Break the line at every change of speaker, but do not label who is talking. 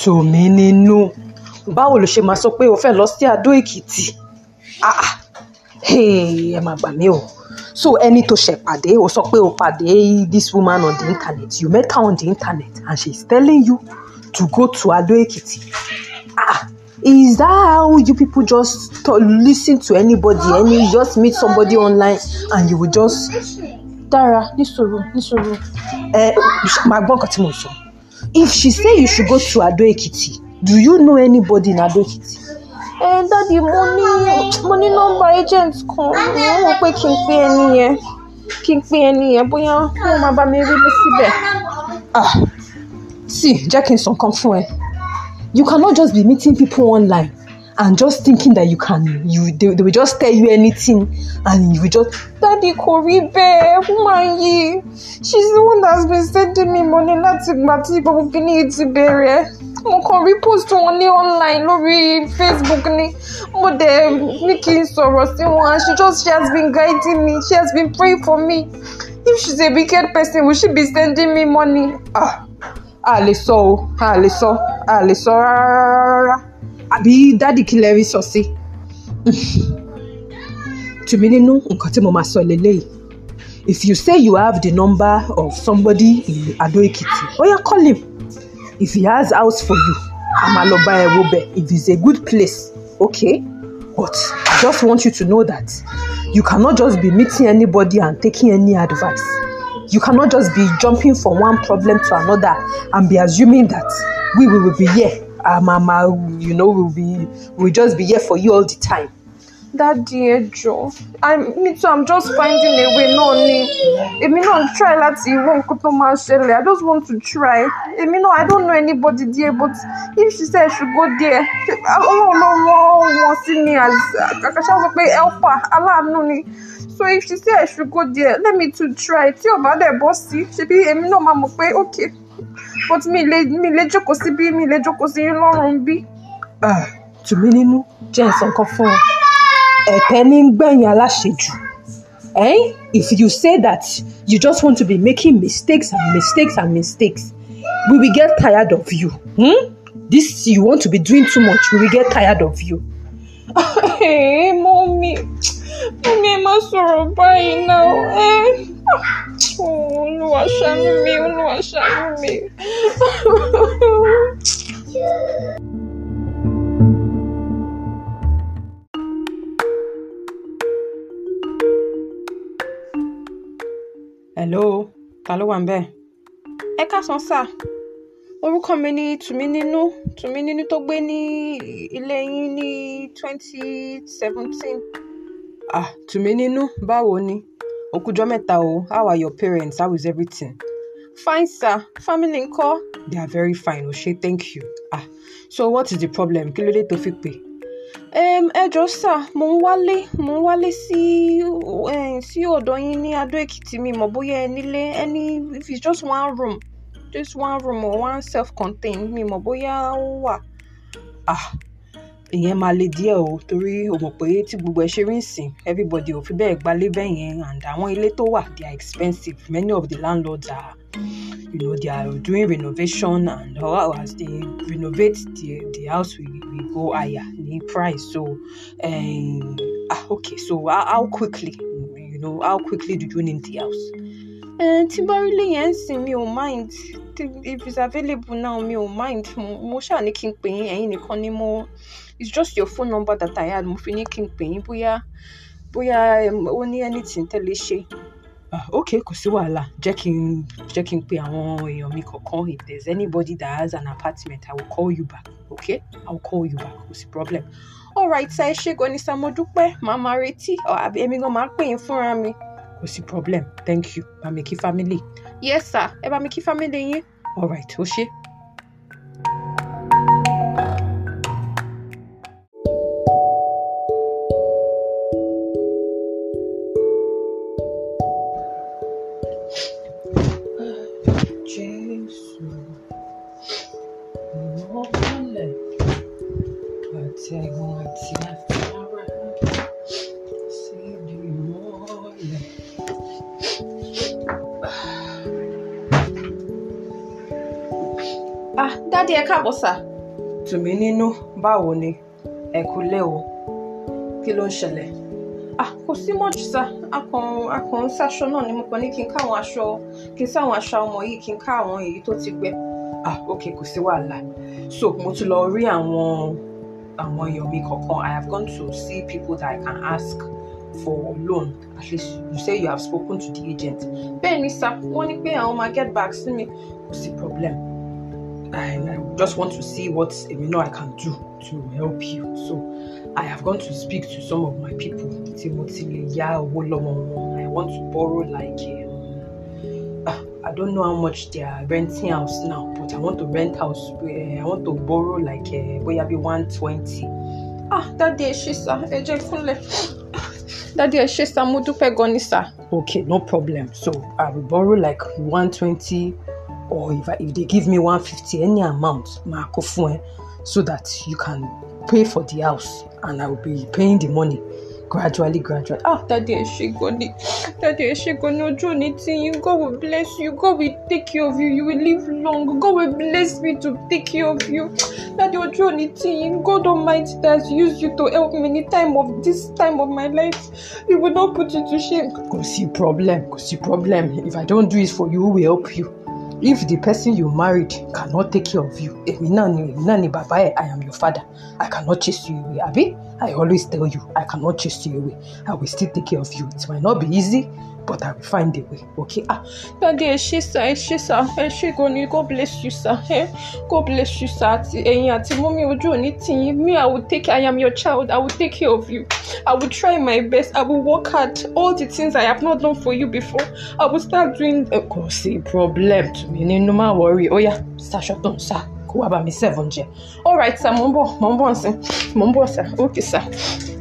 tù mí nínú báwo ló ṣe máa sọ pé o fẹ́ lọ sí Adó Èkìtì ah, ah. ẹ máa gbà mí o so ẹni tó ṣe pàdé o sọ pé o pàdé this woman on the internet you met her on the internet and she is telling you to go to Adó Èkìtì ah is that how you people just to listen to anybody Any, just meet somebody online and you will just dára nísòro nísòro ẹ eh, màá gbọ́ nǹkan tí mo sọ if she say you should go to Ado Ekiti do you know anybody in Ado Ekiti. ẹ eh, dáàdi mo ní mo ní nọ́mbà agent kan mo mọ̀ pé kí n pè ẹni yẹn kí n pè ẹni yẹn bóyá wọ́n máa bá mi rí mi síbẹ̀. ah see jẹ́ kí n sọ fún ẹ you cannot just be meeting people online and just thinking that you can you they, they will just tell you anything and you will just daddy kò rí bẹ́ẹ̀ woman yìí she's the one that's been sending me money láti gbà tí gbogbo kìíní yìí ti bẹ̀rẹ̀ mo kàn rí post wọn ní online lórí facebook ni mo dẹ̀ ní kí n sọ̀rọ̀ sí wọn and she just she has been guiding me she has been praying for me if she's a wicked person will she be sending me money ah a lè sọ o a lè sọ a lè sọ rárá rárá àbí dádì kí lẹ rí sọ sí tùmí nínú nǹkan tí mo máa sọ lélẹ́yìí if you say you have the number of somebody in Ado Ekiti oya call him if he has house for you a máa lọ bá ẹ if it's a good place okay but I just want you to know that you cannot just be meeting anybody and taking any advice you cannot just be jumping from one problem to another and be assuming that we will be here our mama, you know, will be, will just be here for you all the time. Daddy ẹ jọ̀ọ́ I'm me too I'm just finding a way náà ni èmi náà ń try láti wọ nǹkan tó I just want to try èmi náà I don't know anybody there but if she say she go there Ọlọ́run ló wọ́n wọ́n sí mi as kàkàṣà sọ pé helper aláàánú ni so if she say she go there let me to try tí ò bá dẹ̀ bọ́ sí ṣebí èmi náà máa mọ̀ pé okay but mi lè mi lè jókòó síbí mi lè jókòó sí lọ́rùn bí. Ah, tù mí nínú jẹ́ ẹ sọ nǹkan fún ọ ẹ̀tẹ́ ní gbẹ̀yìn aláṣejù. Eh? If you say that you just want to be making mistakes and mistakes and mistakes, we will get tired of you. Hmm? This you want to be doing too much, we will get tired of you. Hey, mommy, mommy, ẹ má sọ̀rọ̀ bá Olúwa hello ta ló wà ń bẹ̀. ẹ káàsán sà orúkọ mi ni tùmínínú tùmínínú twenty seventeen. ah tùmínínú báwo ni Okujometa o, how are your parents? How is everything? Fine, sir. Family ńkọ́? They are very fine, o thank you. Ah, so what is the problem? Kí ló dé tó fi pè? Um, ẹ jọ̀ọ́ sà, mo ń wálé, mo ń wálé sí eh, sí ọ̀dọ̀ yín ní Adó Èkìtì mi mọ̀ bóyá ẹ nílé if it's just one room just one room or one self-contained mi mọ̀ bóyá ó wà. Ah ìyẹn máa le díẹ̀ o torí o mọ̀ pé tí gbogbo ẹ ṣe rí nsìn everybody ò fi bẹ́ẹ̀ gbalé bẹ́ẹ̀ yẹn and àwọn ilé tó wà they are expensive many of the landlords are you know they are doing renovation and all as they renovate the the house we we go higher ní price so um, ah okay so how, how quickly you know how quickly do you need the house eh, tí bá rí lè yẹn ń mi ò mind if it's available now mi ò mind mo ṣáà ní kí n pè yín ẹ̀yin ni mo it's just your phone number that I had mo fi ní kí n pè yín bóyá bóyá ó anything tẹ́ lè ṣe. Ah, ok kò sí wàhálà jẹ́ kí n jẹ́ kí n pe àwọn èèyàn mi kọ̀ọ̀kan if there's anybody that has an apartment I will call you back okay I will call you back kò sí problem alright ṣe ṣe gan ni sa mo dúpẹ́ màá máa retí èmi gan máa pè yín fúnra mi kò sí problem thank you bá mi family yes sir ẹ bá family yín All right, will she? tádé ẹ káàbọ̀ sà. tùmí nínú báwo ni ẹ kú lé o kí ló ń ṣẹlẹ̀. Ah, kò sí mọ́jú sá akàn ṣaṣọ náà ni mo kàn ní kí n káwọn aṣọ kí n sáwọn aṣọ ọmọ yìí kí n ká àwọn èyí tó ti gbẹ. Ah, ok kò sí wàhálà so mo tún lọ rí àwọn àwọn èèyàn mi kọ̀ọ̀kan i have gone to see people that i can ask for loan at least you say you have spoken to the agent bẹ́ẹ̀ ni sá wọ́n ní pé àwọn máa get back sí mi kò sí problem I, I just want to see what you know I can do to help you. So I have gone to speak to some of my people. Timothy I want to borrow like um, I don't know how much they are renting house now, but I want to rent house. Eh, I want to borrow like a where be one twenty. Ah, that day she's a That day she's a mudupe gonisa. Okay, no problem. So I will borrow like one twenty or if, I, if they give me 150 any amount so that you can pay for the house and I will be paying the money gradually gradually ah daddy eshegoni daddy eshegoni ojo anything god will bless you god will take care of you you will live long god will bless me to take care of you daddy ojo anything god almighty that has used you to help me any time of this time of my life you will not put you to shame Go see problem Go see problem if i don't do it for you who will help you if the person you married cannot take care of you I náà ni èmi náà ni bàbá am your father i cannot chase you away àbí I always tell you, I cannot chase you away. I will still take care of you. It might not be easy, but I will find a way. Okay? Ah, Daddy, ẹ ṣé sir, ẹ ṣé sir, go bless you sir, eh? God bless you sir, àti ẹ̀yin àti mọ́mí ojú òní tìyín. Me, I will take, I am your child, I will take care of you. I will try my best, I will work hard. All the things I have not done for you before, I will start doing. Kò sí problem to me, no ma worry. Oya, sir, shut down, sir kó wá bá mi serve oúnjẹ all right sir mo ń bọ̀ mo ń bọ̀ nsìn mo ń bọ̀ sir okay sir.